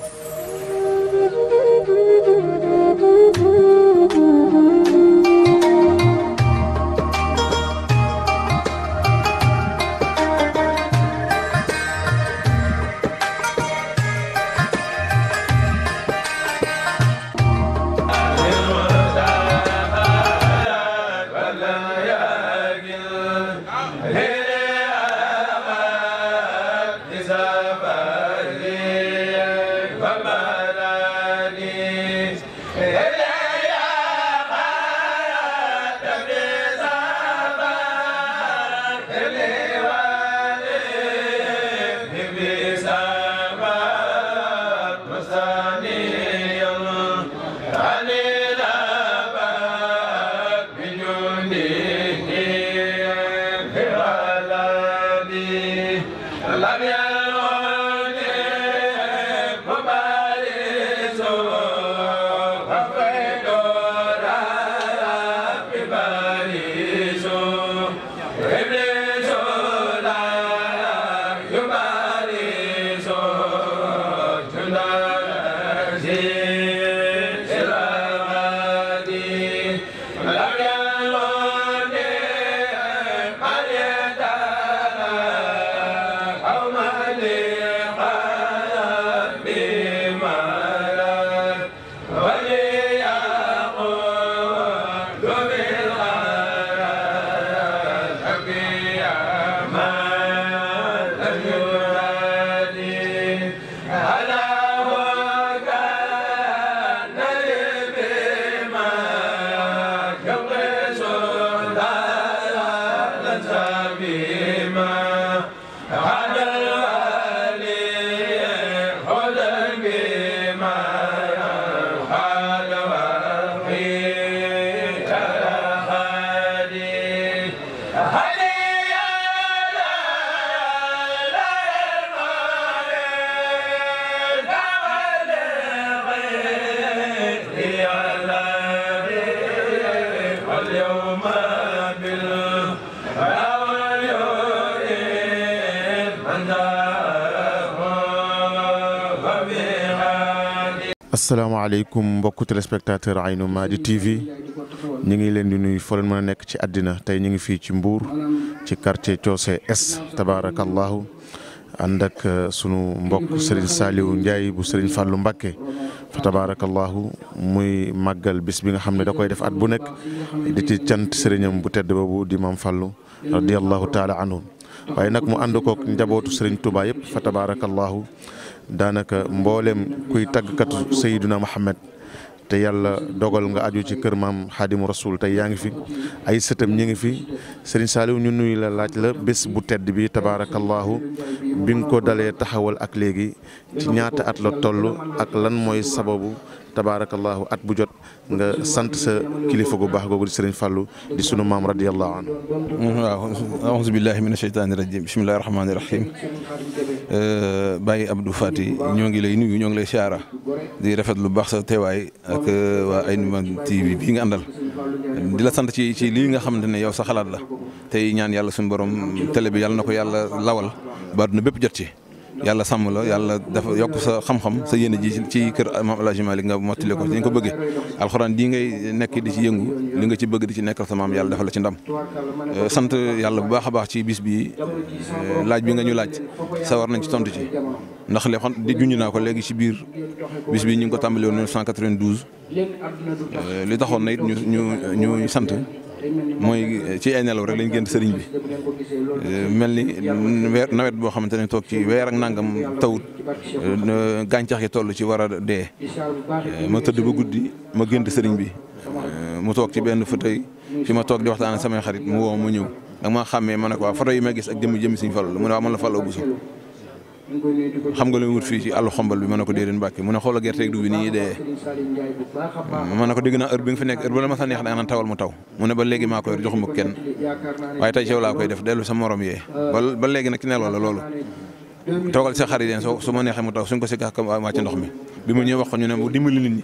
you لبيك asalaamaaleykum mbokku téléspectateur Aynou Mady TV ñu ngi leen di nuyu fa leen mën nekk ci addina tey ñu ngi fii ci mbuur ci quartier Coose S tabaarakallahu ànd ak euh, sunu mbokk Serigne Saliou Ndiaye bu Serigne fallu Mbacké fa tabaarakallahu muy màggal bis bi nga xam ne da koy def at bu nekk di ci cant sëriñam bu tedd boobu di maam Fallou radiyallahu taala anhu waaye nag mu ànd kook njabootu Serigne tubaa yëpp fa tabaarakallahu danaka mbollem kuy tàggkatu sayyiduna Muhammad te yalla dogal nga aju ci keur mam hadim rasul tey yaangi fi ay setam ñi ngi fi serigne Saliou ñu nuyu la lacc la bes bu tedd bi tabarakallah bi ko dalé taxawal ak legi ci ñaata at la tollu ak lan moy sababu tabaarakallaahu at bu jot nga sant sa kilifa gu baax googu di sëriñ Fallou di sunu maam radiyallahu anhu waaw aouzu billahi mina sheytaani rajim bismillahi rahmaani rahim Baye Abdou Fati ñoo ngi lay nuyu ñoo ngi lay siyaara di rafet lu baax sa teewaay ak uh, waa Aynimane TV bii nga àndal di la sant ci ci lii nga xamante ne yow sa xalaat la tey ñaan yàlla suñu borom télé bi yàlla na ko yàlla lawal ba àdduna bépp jot ci yàlla sàmm la yàlla dafa yokk sa xam-xam sa yéene ji ci kër Maam El Hadj Malick nga mottali ko ci nga ko bëggee alxuraan di ngay nekk di ci yëngu li nga ci bëgg di ci nekkal sa maam yàlla dafa la ci ndam euh, sant yàlla bu baax a baax ci biis bii euh, laaj bi nga ñu laaj sawar nañ ci tontu ci ndax lépp xam naa ko léegi ci biir bis bi ñu ngi ko tàmbali woon 1992 euh, li taxoon na it ñu ñu ñu sant mooy ci ay nelaw rek lañ génn sëriñ bi eh, mel ni weer nawet boo xamante ne toog ci weer ak nangam tawut eh, gàncax yi toll ci war a dee eh, ma tëdd ba guddi ma gént sëriñ bi mu toog ci benn fauteuil fi ma toog di waxtaan ak samay xarit mu woo ma ñëw. da ma xàmmee ma ne ko waa photo yi ma gis ak jëmm jëmm Sëriñ Fallu la mu ne waaw man la Fallu Buso xam nga lu wut fii ci àllu xombal bi ma ne ko déedéet Mbàkke mu ne xoola gerte du bi nii dee ma ne ko dégg naa heure bi nga fi nekk heure bu la ma sa neex da nga tawal mu taw mu ne ba léegi maa ko yor joxuma kenn waaye tey yow laa koy def dellu sa morom yee ba ba léegi nag ci nelaw la loolu toogal sa xarit yi soo su ma neexee mu taw suñ ko si gàkk waa ci ndox mi bi mu ñëw wax ko ñu ne mu dimbali nit ñi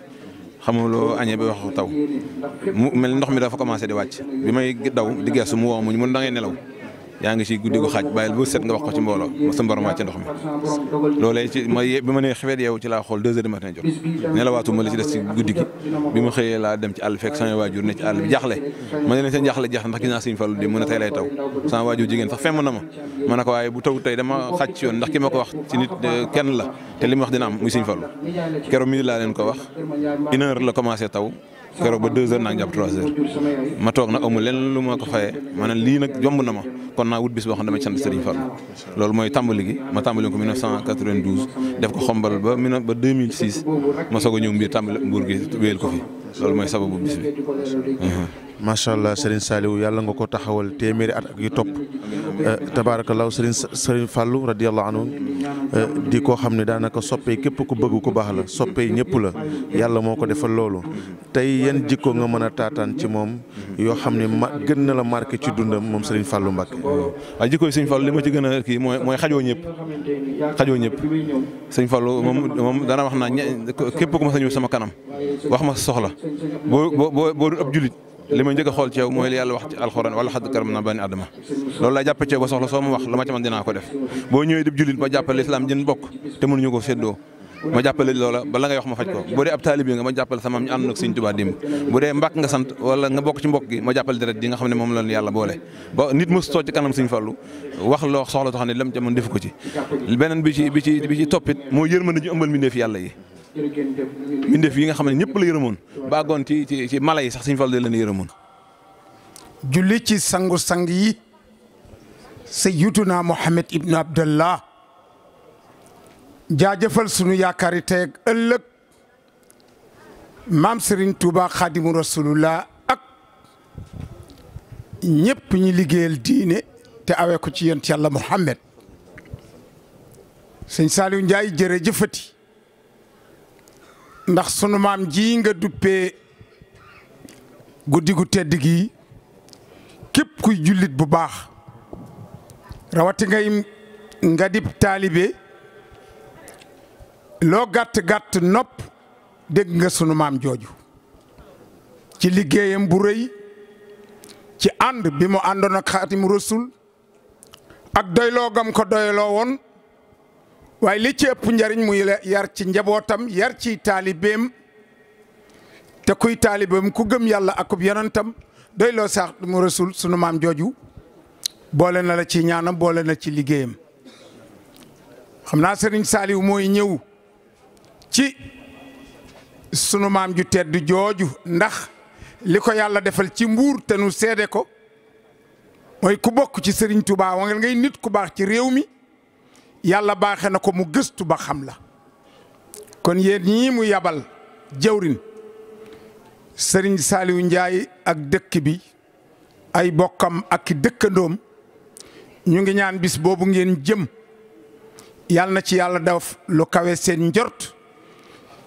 xamuloo añee ba wax taw mu mel ndox mi dafa commencé di wàcc bi may daw di geesu mu woo mu mun da ngay nelaw yaa ngi ci guddi gu xaaj bàyyil bu set nga wax ko ci mbooloo ma sa mborom ci ndox mi loolee ci ma bi ma nee xefeet yow ci laa xool deux heures du matin jot nelawaatuma li ci des ci guddi gi bi ma xëyee laa dem ci àll fekk sama waajur ne ci àll bi jaaxle ma ne leen seen jaaxle jaax ndax gis naa Sëñ Fallu di mu ne tey lay taw sama waajur jigéen sax femm na ma ma ne ko waaye bu taw tey dama xaaj ci yoon ndax ki ma ko wax ci nit kenn la te li mu wax dina am muy Sëñ Fallu keroog midi laa leen ko wax une heure la commencé taw keroog ba deux heures naa ngi trois heures ma toog nag amul lenn lu ma ko fayee maanaam lii nag jomb na ma kon naa wut bis boo xam ne dama sant Serigne loolu mooy tàmbali gi ma tàmbali ko 1992 def ko xombal ba ba 2006 ma soog a ñëw mbir tàmbali mbuur gi wéyal ko fi loolu mooy sababu bis bi. macha allah Serigne Saliou yàlla nga ko taxawal téeméeri at ak yu topp. Eh, tabaarakallaahu sëriñ sëriñ Fallou radiyallahu anhu eh, di koo xam ne daanaka soppee képp ku bëgg ku baax la soppee ñëpp la yàlla moo ko defal loolu tey yan jikko nga mën a taataan ci moom yoo xam ne ma gën na la marqué ci dundam moom sëriñ fàllu Mbacké. waaw jikko yi sëriñ Fallou li ma ci gën a kii mooy mooy xajoo ñëpp xajoo ñëpp sëriñ Fallou moom moom wax naa képp ku ma sañu sama kanam wax ma soxla boo boo boo ab julit li ma njëkk a ci yow moy li yàlla wax ci alcorane wala xadd karam na bani adama loolu la jàppe ci yow ba soxla soom wax lu ci man dina ko def bo ñëwé dib jullit ba jappal l'islam jën bok te mënu ñuko seddo ma jàppale loola ba la ngay wax ma faj ko bu dee ab taalib yi nga ma jàppale sama ñu ànd ak Sëriñ Tuubaa dimb bu dee mbàkk nga sant wala nga bokk ci mbokk gi ma jàppale deret yi nga xam ne moom la yàlla boole ba nit mos too ci kanam Sëriñ Fallu wax loo soxla soo xam ne lam ca mën def ko ci beneen bi ci bi ci bi ci toppit moo yërmande ñu ëmbal mi mbindeef yàlla yi mbindeef yi nga xam ne ñëpp la yërëmoon baagoon ci ci ci mala yi sax Sëñ Fallu leen yërëmoon. julli ci sangu sang yi sayyiduna Muhammad ibnu Abdallah jaajëfal sunu yaakaari teeg ëllëg maam Serigne Touba Khadimu Rasulullah ak ñëpp ñi liggéeyal diine te awee ko ci yonent Yàlla Muhammad sëñ Saliou Ndiaye jërëjëfati ndax sunu maam ji nga duppee guddi gu tedd gi képp kuy jullit bu baax rawati ngay nga dib taalibe loo gàtt gàtt nopp dégg nga sunu maam jooju ci liggéeyam bu rëy ci ànd bi mu àndoon ak xaatim rasul ak doyloo gam ko doyloo woon waaye li ci ëpp njariñ muy yar ci njabootam yar ci taalibeem te kuy taalibeem ku gëm yàlla akub yonentam doy loo saax du mu rasul sunu maam jooju boole na la ci ñaanam boole na ci liggéeyam xam naa sëriñ Saaliw mooy ñëw ci sunu maam ju tedd jooju ndax li ko yàlla defal ci mbuur te nu seede ko mooy ku bokk ci sëriñ Tuubaa wa ngay nit ku baax ci réew mi yàlla baaxe na ko mu gëstu ba xam la kon yéen ñii mu yabal jëwrin sëriñ Saliou njaay ak dëkk bi ay bokkam ak dëkkandoom ñu ngi ñaan bis boobu ngeen jëm yàlla na ci yàlla def lu kawe seen njort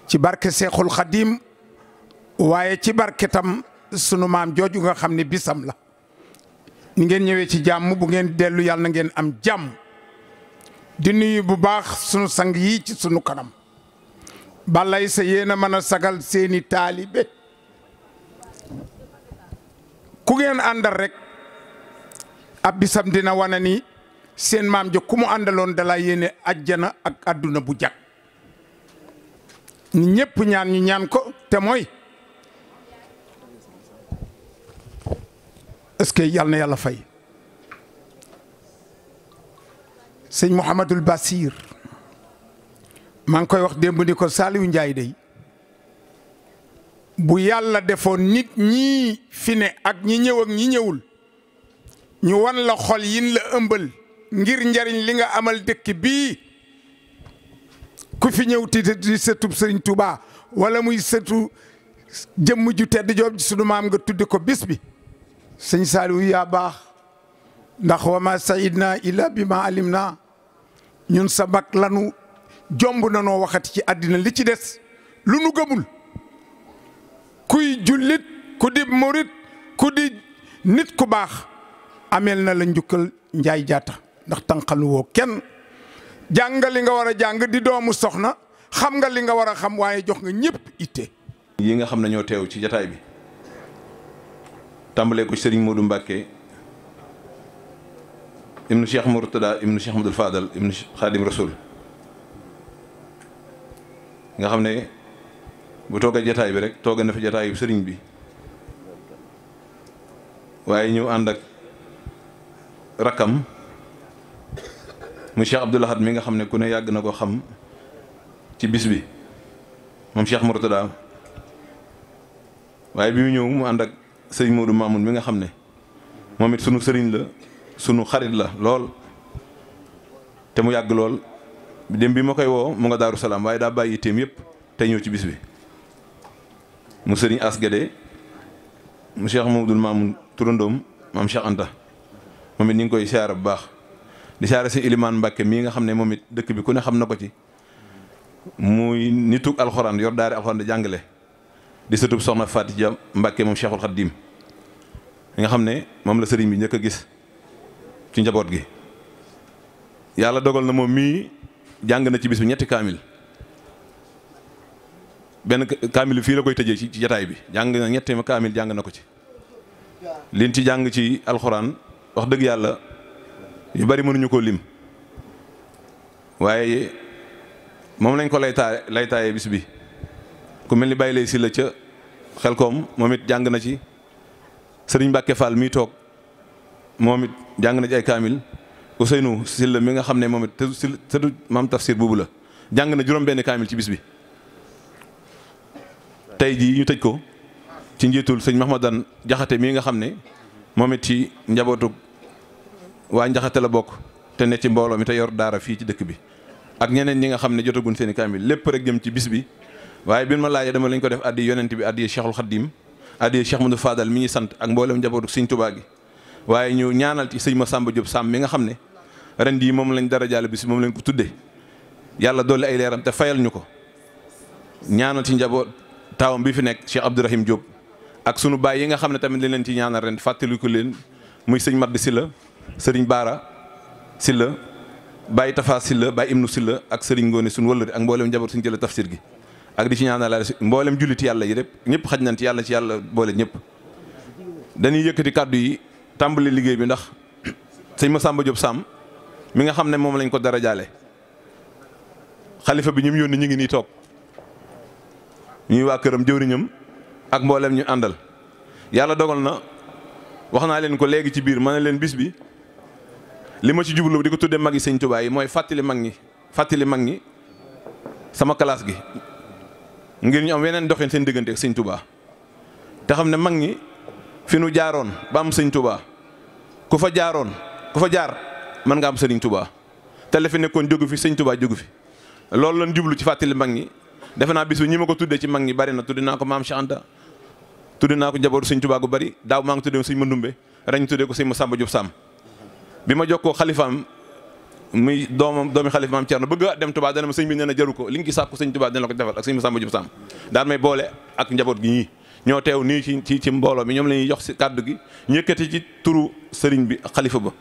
ci barke Seexul Xadiim waaye ci barke tam sunu maam jooju nga xam ne bisam la ni ngeen ñëwee ci jàmm bu ngeen dellu yàlla na ngeen am jàmm di nuyu bu baax sunu sang yii ci sunu kanam balay sa yéen a mën a sagal seeni taalibe ku ngeen àndal rek ab bisam dina wane ni seen maam ja ku mu àndaloon dala yéene ajjana ak àdduna bu jag ñu ñépp ñaan ñu ñaan ko te mooy est-ce que yàlla na yàlla fay sëñ Mouhamadul Basir maa ngi koy wax démb ni ko Saliou Ndiaye day bu yàlla defoon nit ñii fi ne ak ñi ñëw ñi ñëwul ñu wan la xol yin la ëmbal ngir njariñ li nga amal dëkk bii ku fi ñëw ti di sëtub sëriñ Touba wala muy sëtu jëmm ju tedd joob ji sunu maam nga tudde ko bis bi sëñ Saliou yaa baax ndax wama sayidna illa bi ma alim na ñun sa mag lanu jomb na noo waxati ci àddina li ci des lu nu gëmul kuy jullit ku di murit ku di nit ku baax ameel na la njukkal njaay jaata ndax tànqalu woo kenn jànga li nga war a jàng di doomu soxna xam nga li nga war a xam waaye jox nga ñëpp itte yi nga xam ne ñoo teew ci jataay bi tàmbalee ko Serigne Modou Mbacké ابن الشيخ مرتضى ابن الشيخ محمد Fadal ابن خادم رسول nga xamne bu toogee jotaay bi rek tooga na fi bi serigne bi waye ñu ànd ak rakam mu Cheikh abdullah Ahad mi nga xamne ku ne yag na ko xam ci bis bi moom Cheikh murtada waye bi mu ñëw mu ànd ak serigne Modou Mamoun mi nga xamne momit sunu serigne la sunu xarit la lool te mu yàgg lool dem bi ma koy woo mu nga daaru salaam waaye daa bàyyi téem yëpp te ñëw ci bis bi mu sëriñ asgade mu Cheikh Mamadou Mamoun turandoom maam Cheikh Anta moom it ñu ngi koy siyaara bu baax di siyaara si Ilimaan Mbàkke mii nga xam ne moom it dëkk bi ku ne xam na ko ci muy nitug alxuraan yor daari alxuraan di jàngale di sëtub soxna Faatija Mbàkke moom Cheikhul Xaddim nga xam ne moom la sëriñ bi njëkk a gis ci njaboot gi yàlla dogal na moom mii jàng na ci bis bi ñetti kaamil benn kaamil fii la koy tëjee ci jataay bi jàng na ñetti kaamil jàng na ko ci liin ci jàng ci alxuraan wax dëgg yàlla yu bari mënuñu koo lim waaye moom lañ ko lay taa bis bi ku mel ni bàyyi lay si la ca xel koom moom it jàng na ci sëriñ Mbàkke Fall mii toog moom it jàng na ci ay kaamil Ousseynou Sylla mi nga xam ne moom it te si te du maam tafsir boobu la jàng na juróom-benn kaamil ci bis bi. tey jii ñu tëj ko ci njiitul sëñ Mahmadan Jaxate mii nga xam ne moom it ci njabootu waa Njaxate la bokk te ne ci mbooloo mi te yor daara fii ci dëkk bi. ak ñeneen ñi nga xam ne jotaguñ seen i kaamil lépp rek jëm ci bis bi waaye bi ma laajee dama lañ ko def addi yonent bi addi Cheikhul Khadim addi Cheikh Modou Fadal mi ñuy sant ak mboolem njabootu sëñ Tuubaa gi. waaye ñu ñaanal ci sëñ ma Massamba Diop Samb mi nga xam ne ren jii moom lañ dara jaale bis moom lañ ko tuddee yàlla dolli ay leeram te fayal ñu ko ñaanal ci njaboot taawam bi fi nekk Cheikh Abdourahim Diop ak sunu baay yi nga xam ne tamit li leen ci ñaanal ren fàttali leen muy sëñ Madi Silla sëriñ Baara Silla Baye Tafa Silla Baye Ibnu Silla ak sëriñ Ngoone sunu wëllëri ak mboolem njaboot suñu jëlee tafsir gi ak di ci ñaanal mboolem jullit yàlla yi rek ñëpp xaj nañ ci yàlla ci yàlla boole ñëpp tàmbali liggéey bi ndax sëñ Massamba Diop Sam mi nga xam ne moom lañ ko dara jaale xalifa bi ñu mu yónni ñu ngi nii toog ñuy waa këram jëwriñam ak mbooleem ñu àndal yàlla dogal na wax naa leen ko léegi ci biir ma ne leen bis bi li ma ci jublu di ko tuddee mag yi sëñ Tuubaa yi mooy fàttali mag ñi fàttali mag ñi sama kalaas gi ngir ñu am weneen doxin seen diggante ak sëñ Tuubaa te xam ne mag ñi fi nu jaaroon ba am sëñ tubaa ku fa jaaroon ku fa jaar man nga am sëriñ tubaa te la fi nekkoon jógu fi sëñ tubaa jógu fi loolu lan jublu ci fàttali mag ñi def naa bis bi ñi ma ko tuddee ci mag ñi bari na tuddi naa ko maam Cheikh Anta tuddi naa ko njabootu sëñ tubaa gu bari daaw maa ngi tuddee sëñ ma ren ñu tuddee ko sëñ Masamba Diop Sam bi ma jokkoo xalifaam muy doomam doomi xalif maam Thierno bëgg a dem tubaa dana ma sëñ bi nee jaru ko li nga ci sàkku sëñ tubaa dina ko defal ak sëñ Masamba Diop Sam daan may boole ak njaboot gi ñoo teew nii ci ci ci mbooloo mi ñoom lañuy jox si kàddu gi ñëkkati ci turu sëriñ bi xalifa ba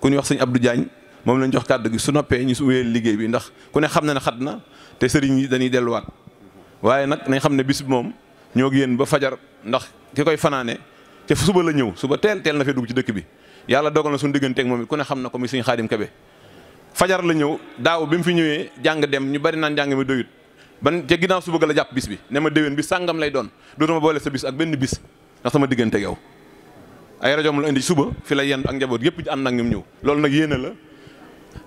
ku ñuy wax sëñ Abdou jaañ moom lañ jox kàddu gi su noppee ñu wéyal liggéey bi ndax ku ne xam na ne xat na te sëriñ yi dañuy delluwaat waaye nag nañ xam ne bis moom ñoo yéen ba fajar ndax ki koy fanaane te suba la ñëw suba teel teel na fee dugg ci dëkk bi yàlla dogal na suñ digganteeg moom it ku ne xam na ko mi sëñ Xaadim Kebe fajar la ñëw daaw bi mu fi ñëwee jàng dem ñu bari naan jàng mi doyut ban ca ginnaaw su bëgg la jàpp bis bi ne ma déwén bi sàngam lay doon dootuma boole sa bis ak benn bis ndax sama diggante yow ay rajo mu la indi suba fi la yenn ak njaboot yëpp ànd ak ñëw loolu nag yéene la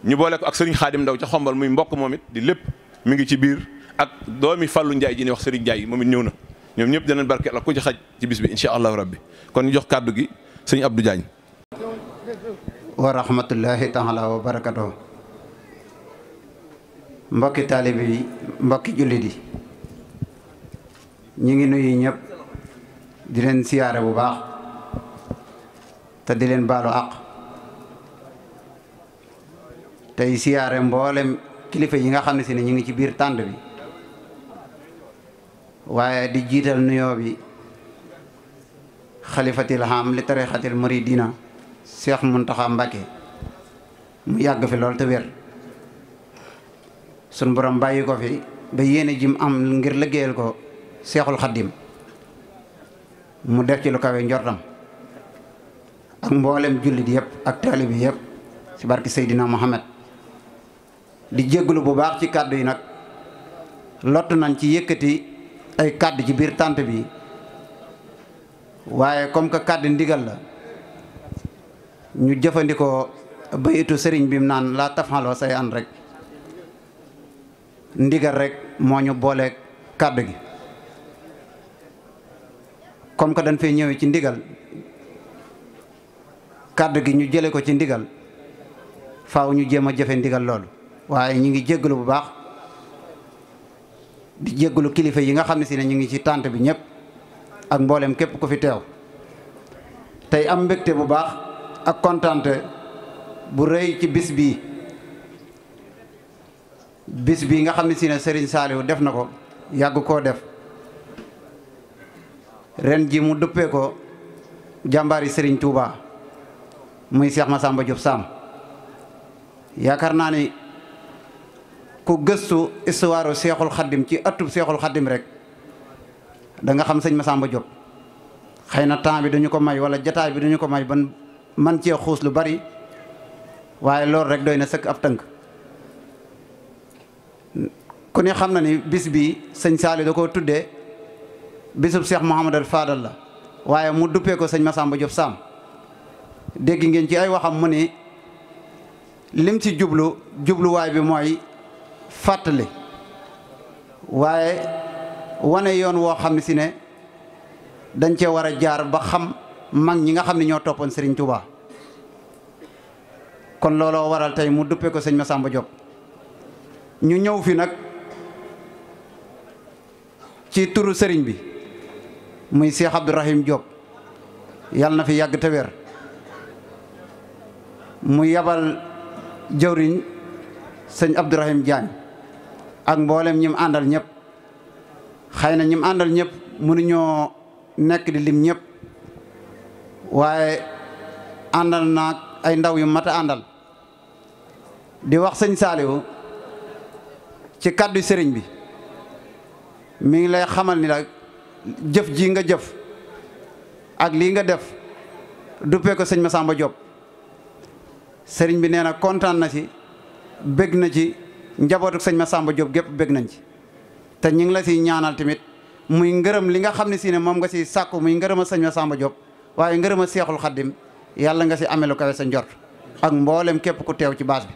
ñu boole ko ak sëriñ xaadim ndaw ca xombal muy mbokk moomit it di lépp mi ngi ci biir ak doomi Fallou njaay ji ni wax sëriñ Ndiaye moom it ñëw na ñoom ñëpp danañ barke la ku ci xaj ci bis bi incha allahu rabbi kon jox kàddu gi sëñ Abdou Diagne wa rahmatullahi taala wa barakatuh mbokki taalibe yi mbokki jullit yi ñu ngi nuyu ñëpp di leen siyaare bu baax te di leen baalu àq tey siyaare mboole kilifa yi nga xam ne si ne ñu ngi ci biir tànd bi waaye di jiital nuyoo bi xalifatil ham li tarixatil muridina Seex Muntaxa Mbàkke mu yàgg fi lool te wér sun borom bàyyi ko fi ba yéene jim am ngir liggéeyal ko seexul xaddim mu def ci lu kawe njortam ak mboolem jullit yëpp ak taalibi yëpp ci barki Seydina Muhammad di jégalu bu baax ci kàddu yi nag lottu nañ ci yëkkati ay kàddu ci biir tànt bi waaye comme que kàddu ndigal la ñu jëfandikoo ba bayitu sëriñ bi mu naan laa tafaloo say an rek ndigal rek moo ñu booleeg kàddu gi comme que dañ fee ñëwee ci ndigal kàdd gi ñu jële ko ci ndigal faw ñu jéem a jëfe ndigal loolu waaye ñu ngi jéggalu bu baax di jéggalu kilifa yi nga xam ne si ne ñu ngi ci tànt bi ñëpp ak mboolem képp ku fi teew tey am mbégte bu baax ak kontaante bu rëy ci bis bii bis bi nga xam ne si ne Serigne Saliou def na ko yàgg koo def ren ji mu duppee ko jàmbaar yi sëriñ tuuba muy Cheikh sàmba Diop Sam yaakaar naa ni ku gëstu istuwaaru Seexul Xaddim ci ëttub Seexul Xaddim rek danga xam sëñ ma sàmba Diop xëy na temps bi duñu ko may walla jataay bi duñu ko may ba man cee xuus lu bari waaye loolu rek doy na sëkk ab tënk ku ne xam na ni bis bi sëñ Saali da koo tuddee bisub Cheikh Mouhamadal Fadal la waaye mu duppee ko sëñ ma sàmba Diop Sam dégg ngeen ci ay waxam mu ni lim ci jublu jubluwaay bi mooy fàttali waaye wane yoon woo xam ne si ne dañ cee war a jaar ba xam mag ñi nga xam ne ñoo toppoon Serigne Touba kon looloo waral tey mu duppee ko sëñ ma sàmba Diop. ñu ñëw fi nag ci turu sëriñ bi muy Cheikh Abdourahim Diop yàlla na fi yàgg te wér mu yabal jawriñ sëñ Abdourahim Diagne ak mboolem ñim àndal ñëpp xëy na ñim àndal ñëpp mënuñoo nekk di lim ñépp waaye àndal naag ay ndaw yu mat a àndal di wax sëñ Saliou ci kàddu sëriñ bi mi ngi lay xamal ni la jëf ji nga jëf ak lii nga def duppee ko sëñ sàmba Diop sëriñ bi nee na kontaan na ci bég na ci njabootu sëñ ma Massamba Diop gépp bég nañ ci te ñu ngi la siy ñaanal tamit muy ngërëm li nga xam ne si ne moom nga siy sàkku muy ngërëm a sëñ Massamba Diop waaye ngërëm a seexul xaddim yàlla nga si amee lu kawe sa njort ak mboolem képp ku teew ci baas bi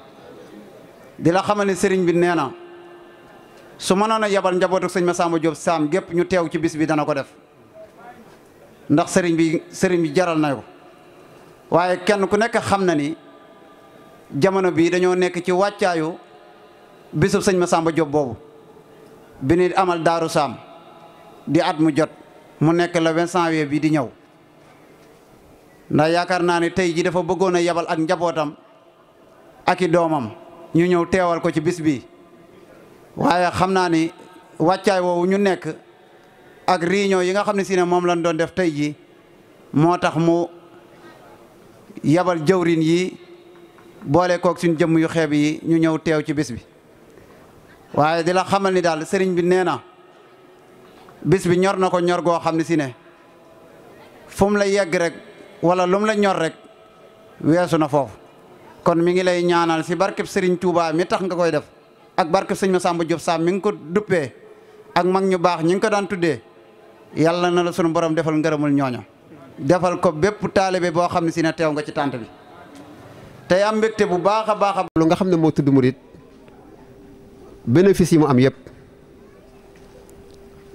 di la xamal ne sëriñ bi nee na su mënoon a yebal njabootu sëñ ma sàmba Diop saam gépp ñu teew ci bis bi dana ko def ndax sëriñ bi sëriñ bi jaral na ko waaye kenn ku nekk xam na ni jamono bii dañoo nekk ci wàccaayu bisub sëñ ma sàmba Diop boobu bi ni amal daaru saam di at mu jot mu nekk la vingt janvier bi di ñëw ndax yaakaar naa ni tey ji dafa bëggoon a yebal ak njabootam aki doomam ñu ñëw teewal ko ci bis bi waaye xam naa ni wàccaay woowu ñu nekk ak réunion yi nga xam ne si ne moom lañ doon def tey ji moo tax mu yabal jëwrin yi boole kook suñ jëmm yu xeeb yi ñu ñëw teew ci bis bi waaye di la xamal ni daal sëriñ bi nee na bis bi ñor na ko ñor goo xam ne si ne fu la yegg rek wala lu la ñor rek weesu na foofu kon mi ngi lay ñaanal si barkeb sëriñ Touba mi tax nga koy def ak barke seigne Masamba Diop Sam mi ngi ko duppé ak mag ñu bax ñi ngi ko daan tuddé yalla na la suñu borom defal ngeeramul ñoño defal ko bép talibé bo xamni sina si nga ci tante bi tay am mbékté bu baaxa baaxa lu nga ne tuddu mourid bénéfice yi mu am yépp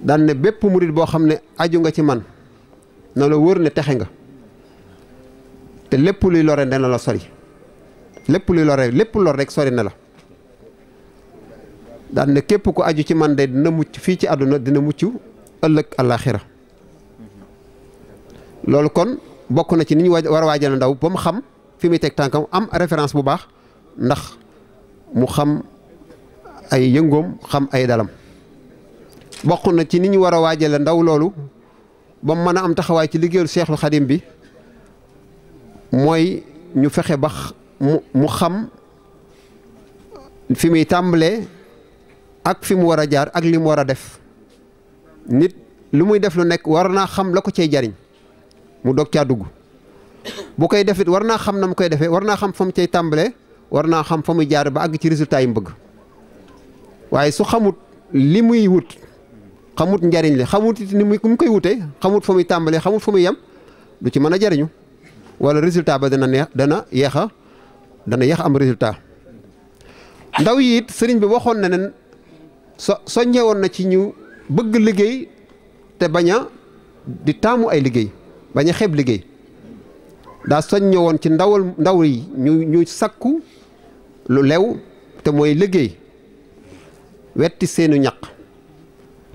daan ne bép mourid bo ne aju nga ci man na la wër ne texe nga te lépp luy lore dana la sori lépp luy loré lépp lor rek sori na la daan ne képp ku aju ci man de dina mucc fii ci àdduna dina mucc ëllëg àllaaxira loolu kon bokk na ci ni ñu war a waajal ndaw ba mu xam fi muy teg tànkam am référence bu baax ndax mu xam ay yëngoom xam ay dalam bokk na ci ni ñu war a waajale ndaw loolu ba mu mën a am taxawaay ci liggéeyu seexlu xadim bi mooy ñu fexe ba mu xam fi muy tàmbalee ak fi mu war a jaar ak li mu war a def nit li muy def lu nekk war naa xam la ko cay jariñ mu doog caa dugg bu koy def war naa xam na mu koy defee war naa xam fa mu cay tàmbalee war naa xam fa muy jaar ba àgg ci résultat yi mu waaye su xamut li muy wut xamut njariñ li xamut ni muy mu koy wutee xamut fa muy tàmbalee xamut fa muy yem du ci mën a jariñu wala résultat ba dana neex dana yeex a dana yeex am résultat ndaw yi sëriñ bi waxoon na ne so soññewoon na ci ñu bëgg liggéey te baña di taamu ay liggéey bañ a liggéey daa soññewoon ci ndawal ndaw yi ñu ñu sakku lu lew te mooy liggéey wetti seenu ñaq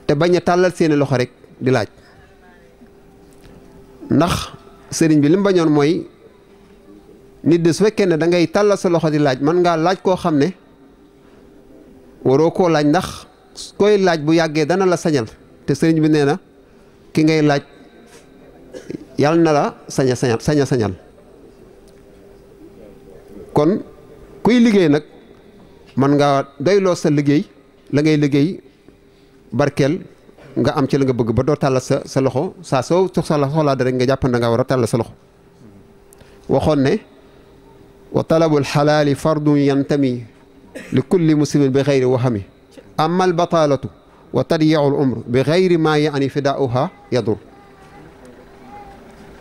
te bañ a tàllal seeni loxo rek di laaj ndax sëriñ bi li mu bañoon mooy nit de su fekkee ne dangay tàllal sa loxo di laaj mën ngaa laaj koo xam ne waroo koo laaj ndax koy laaj bu yàggee dana la sañal te sëriñ bi nee na ki ngay laaj yàlla na la saña sañal saña sañal kon kuy liggéey nag man nga doyloo sa liggéey la ngay liggéey barkeel nga am ci la nga bëgg ba doo tàllal sa sa loxo saa soo soxla soxlaa da rek nga jàpp na nga war a tàllal sa loxo waxoon ne wa talabul xalaali fardun yantami li kulli muslimin bi xeyri waxami amma al batalatu wa tadyiu al umr bi xayri maa yaani fidaauha yadur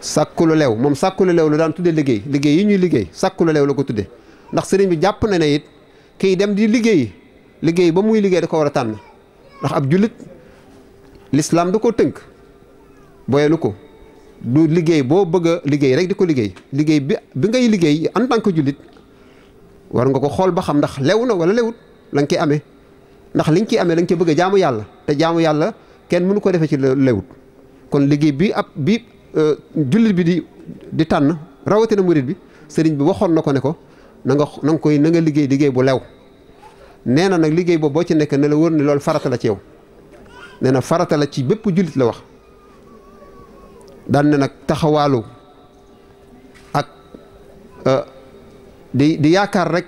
sàkku lu lew moom sàkku lu la daan tuddee liggéey liggéey yi ñuy liggéey sàkku lu la ko tuddee ndax sëriñ bi jàpp na ne it kii dem di liggéey liggéey ba muy liggéey da ko war a tànn ndax ab jullit lislaam du ko tënk boyelu ko du liggéey boo bëgg a liggéey rek di ko liggéey liggéey bi bi ngay liggéey en tant que jullit war nga ko xool ba xam ndax lew na wala lewut koy amee ndax liñ ci amee lañ ci bëgg a jaamu yàlla te jaamu yàlla kenn mënu ko defee ci la lewut kon liggéey bi ab bi euh, jullit bi di di tànn rawatina murit bi sëriñ bi waxoon na ko ne ko nanga nga koy na nga liggéey liggéey bu lew nee na nag liggéey boobu boo ci nekk ne la wóor ne loolu farata la ci nee na farata la ci bépp jullit la wax daan na nag taxawaalu ak euh, di di yaakaar rek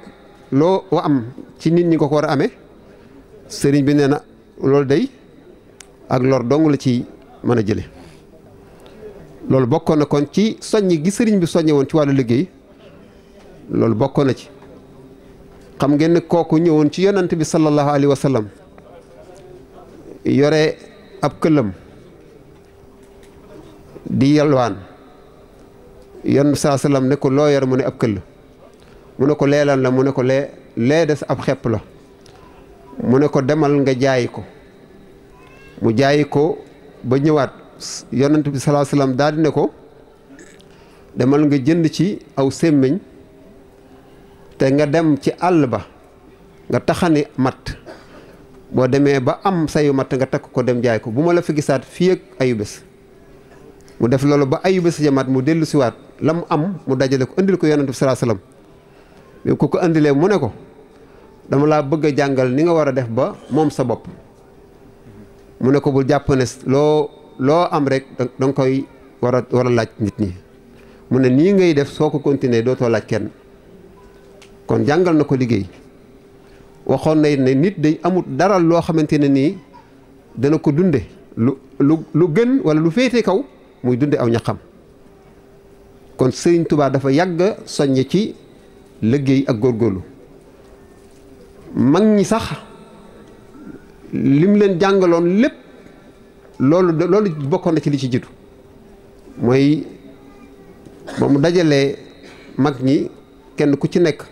loo am ci nit ñi nga ko war a amee sëriñ bi nee na loolu day ak lor dong la ci mën a jële loolu bokkoon na kon ci soññ gi sëriñ bi soññe woon ci wàllu liggéey loolu bokkoon na ci xam ngeen ne kooku ñëwoon ci yonant bi sallallahu alayhi wa sallam yore ab këllam di yalwaan yon bi sallallahu ko loo yor mu ne ab këll mu ne ko leelan la mu ne ko lee lee des ab xepp la mu ne ko demal nga jaay ko mu jaay ko ba ñëwaat yonent bi salaa salaam daal di ne ko demal nga jënd ci aw sémmiñ te nga dem ci àll ba nga taxani matt boo demee ba am sayu matt nga takk ko dem jaay ko bu ma la fi gisaat fii ak bés mu def lolo ba ayubés ja mat mu dellu siwaat la mu am mu dajale ko indil ko yonent bi salaa salaam bi ko ko indilee mu ne ko dama laa bëgg a jàngal ni nga war a def ba moom sa bopp mu ne ko bul jàpp ne loo loo am rek danga koy war a war a laaj nit ñi mu ne nii ngay def soo ko continuer dootoo laaj kenn kon jàngal na ko liggéey waxoon na ne nit day amut dara loo xamante ne nii dana ko dunde lu lu lu gën wala lu féete kaw muy dunde aw ñaxam kon Sëriñ Tuubaa dafa yàgg soññ ci liggéey ak góorgóorlu mag ñi sax lim leen jàngaloon lépp loolu loolu bokkoon na ci li ci jiitu mooy ba mu dajalee mag ñi kenn ku ci nekk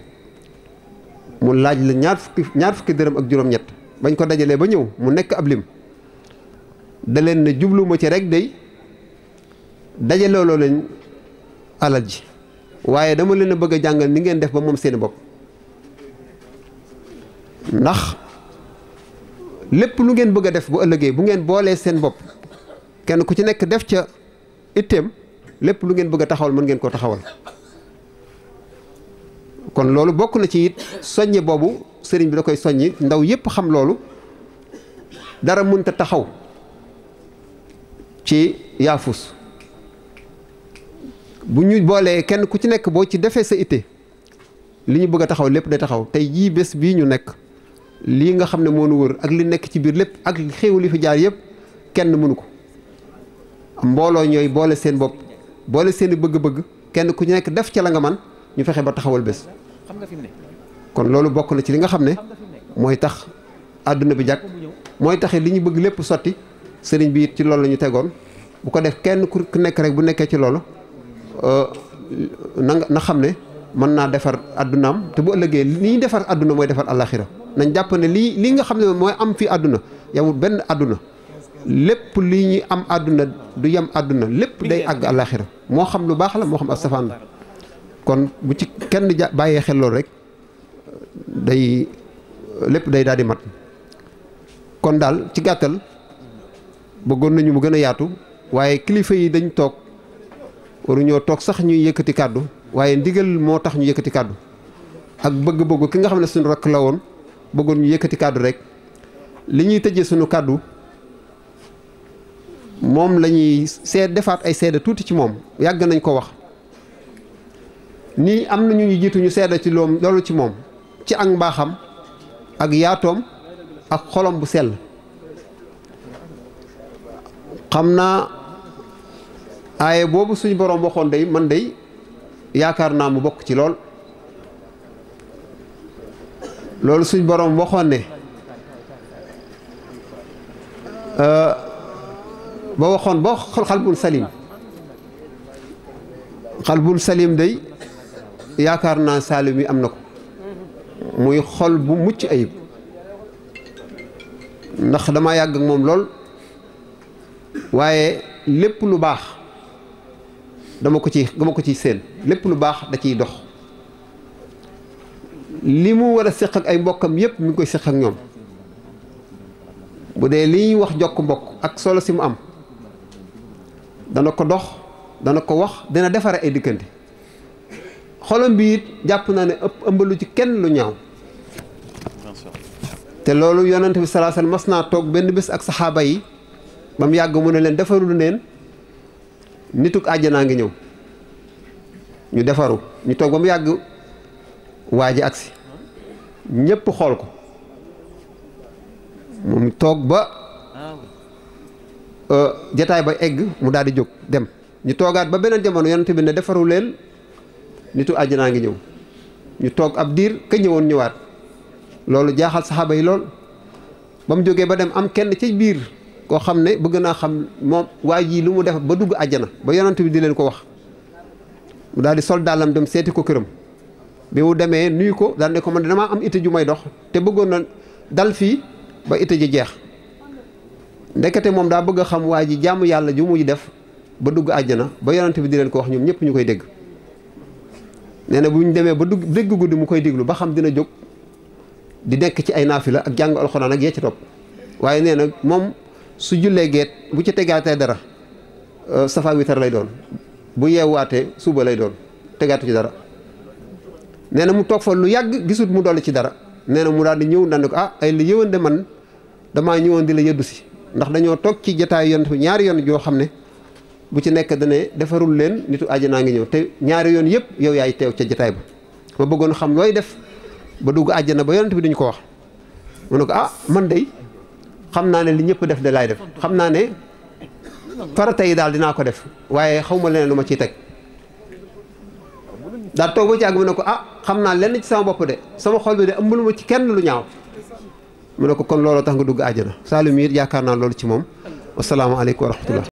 mu laaj la ñaar fukki ñaar fukki dërëm ak juróom-ñett bañ ko dajalee ba ñëw mu nekk ab lim da leen ne jubluwuma ci rek day loolu leen alal ji waaye dama leen bëgg a jàngal ni ngeen def ba moom seeni bopp. ndax lépp lu ngeen bëgg a def bu ëllëgee bu ngeen boolee seen bopp kenn ku ci nekk def ca itteem lépp lu ngeen bëgg a taxawal mën ngeen koo taxawal kon loolu bokk na ci it soññe boobu sëriñ bi da koy soññi ndaw yépp xam loolu dara mënta taxaw ci yaafus bu ñu boolee kenn ku ci nekk boo ci defee sa itte li ñu bëgg a taxaw lépp day taxaw tey jii bés bii ñu nekk lii nga xam ne moo nu wër ak li nekk ci biir lépp ak xéew li fi jaar yëpp kenn mënu ko mbooloo ñooy boole seen bopp boole seen bëgg-bëgg kenn ku nekk def ca la nga man ñu fexe ba taxawal bés kon loolu bokk na ci li nga xam ne mooy tax àdduna bi jàkk mooy taxe li ñu bëgg lépp sotti sëriñ bi ci loolu lañu tegoon bu ko def kenn ku nekk rek bu nekkee ci loolu euh, na nga na xam ne mën naa defar addunaam te boo ëllëgee li ñu defar àdduna mooy defar àlaxira nañ jàpp ne lii lii nga xam ne mooy am fii adduna yamul benn àdduna lépp lii ñuy am àdduna du yem àdduna lépp day àgg àlaxira moo xam lu baax la moo xam ab safaan la kon bu ci kenn ja bàyyee xel loolu rek day lépp day daal di mat kon daal ci gàttal bëggoon nañu mu gën a yaatu waaye kilifa yi dañ toog waruñoo toog sax ñuy yëkkati kàddu waye ndigal mo tax ñu yëkëti kaddu ak bëgg-bëggu ki nga xamne suñu rak la woon bëggoon ñu yëkëti kaddu rek li ñuy tëjee suñu kaddu mom lañuy ñuy defaat ay seede tuuti ci mom yag nañ ko wax ni am nañu ñu jitu ñu seede ci lom lolu ci mom ci ak mbaxam ak yaatom ak xolom bu sel xamna ay bobu suñu borom waxon day man day yaakaar naa mu bokk ci lool loolu suñ boroom waxoon ne euh, ba waxoon ba xalbun salim xalbun salim day yaakaar naa salim yi am na ko muy xol bu mucc ayib ndax dama yàgg moom lool waaye lépp lu baax dama ko ci dama ko ci séen lepp lu Limu da ci dox limu wara sekk ak ay mbokam yep mi koy sekk ak ñom bu de li wax jokk mbokk ak solo simu am dana ko dox dana ko wax dana defare ay diggante xolam bi it jàpp naa ne ëpp ëmbalu ci kenn lu ñaaw te lolu bi sallallahu alayhi wasallam mas tok benn ak sahaba yi bam yag mu ne len defaru len nituk àjjanaa ngi ñëw ñu defaru ñu toog ba mu yàgg waa ji agsi ñépp xool ko mu toog ba ah euh, jataay ba egg mu daal di jóg dem ñu toogaat ba beneen jamono yonent bi ne defaru leen nitu naa ngi ñëw ñu toog ab diir ka ñëwoon ñëwaat loolu jaaxal saxaaba yi lool ba mu jógee ba dem am kenn ci biir koo xam ne bëgg naa xam moom waa jii lu mu def ba dugg àjjana ba yonent bi di leen ko wax mu daal di sol dàllam dem seeti ko këram bi mu demee nuyu ko daal ne ko man damaa am itte ju may dox te bëggoon na dal fii ba itte ji jeex ndekete moom daa bëgg xam waa ji jàmm yàlla ju muy def ba dugg àjjana ba yonent bi di leen ko wax ñoom ñëpp ñu koy dégg nee na bu ñu demee ba dugg dégg guddi mu koy déglu ba xam dina jóg di nekk ci ay naafila ak jàng alxuraan ak ci topp su jullee geet bu ci tegaatee dara euh, safa witar lay doon bu yeewaatee suba lay doon tegaatu ci dara nee na mu toog fa lu yàgg gisut mu dolli ci dara nee na mu daal di ñëw daan ko ah ay li yëwan de man damaa ñëwoon di la yëddu si ndax dañoo toog ci jataayu yonent bi ñaari yoon joo xam ne bu ci nekk dana defarul leen nitu naa ngi ñëw te ñaari yoon yëpp yow yaay teew ca jataay ba ma bëggoon xam looy def ba dugg na ba yonent bi duñ ko wax mu ne ko ah, man day xam naa ne li ñëpp def de laay def xam naa ne farata yi daal dinaa ko def waaye xaw ma leneen lu ma ci teg daal toog ba ci àgg mu ne ko ah xam naa lenn ci sama bopp de sama xol bi de ëmbalu ma ci kenn lu ñaaw mu ne ko kon looloo tax nga dugg àjjana Saalum it yaakaar naa loolu ci moom wasalaamaaleykum wa rahmatullah